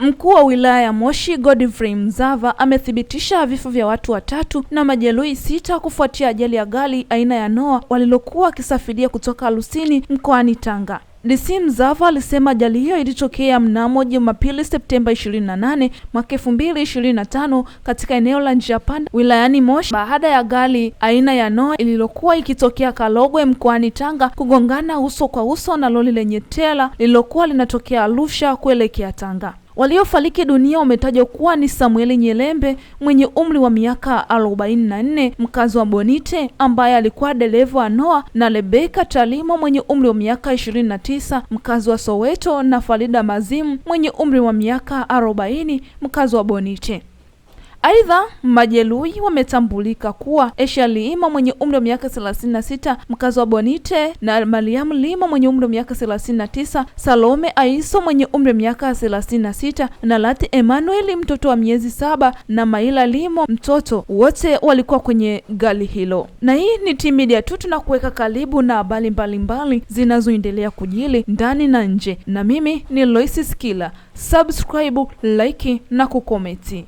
Mkuu wa wilaya ya Moshi Godfrey Mzava amethibitisha vifo vya watu watatu na majeruhi sita kufuatia ajali ya gari aina ya Noah walilokuwa wakisafiria kutoka Lusini mkoani Tanga. DC Mzava alisema ajali hiyo ilitokea mnamo Jumapili Septemba 28 mwaka 2025 katika eneo la njia panda wilayani Moshi baada ya gari aina ya Noah ililokuwa ikitokea Kalogwe mkoani Tanga kugongana uso kwa uso na lori lenye tela lililokuwa linatokea Arusha kuelekea Tanga. Waliofariki dunia wametajwa kuwa ni Samueli Nyelembe mwenye umri wa miaka 44 mkazi wa Bonite ambaye alikuwa dereva wa noa na Rebeka Talimo mwenye umri wa miaka 29 mkazi wa Soweto na Farida Mazimu mwenye umri wa miaka 40 mkazi wa Bonite. Aidha, majeruhi wametambulika kuwa Asia Lima mwenye umri wa miaka 36 mkazi wa Bonite na Mariam Lima mwenye umri wa miaka 39, Salome Aiso mwenye umri wa miaka 36 na Lati Emmanuel mtoto wa miezi saba na Maila Limo mtoto, wote walikuwa kwenye gari hilo. Na hii ni Media tu, tunakuweka karibu na habari mbalimbali zinazoendelea kujili ndani na nje, na mimi ni Loisi Skila. Subscribe, like na kukomenti.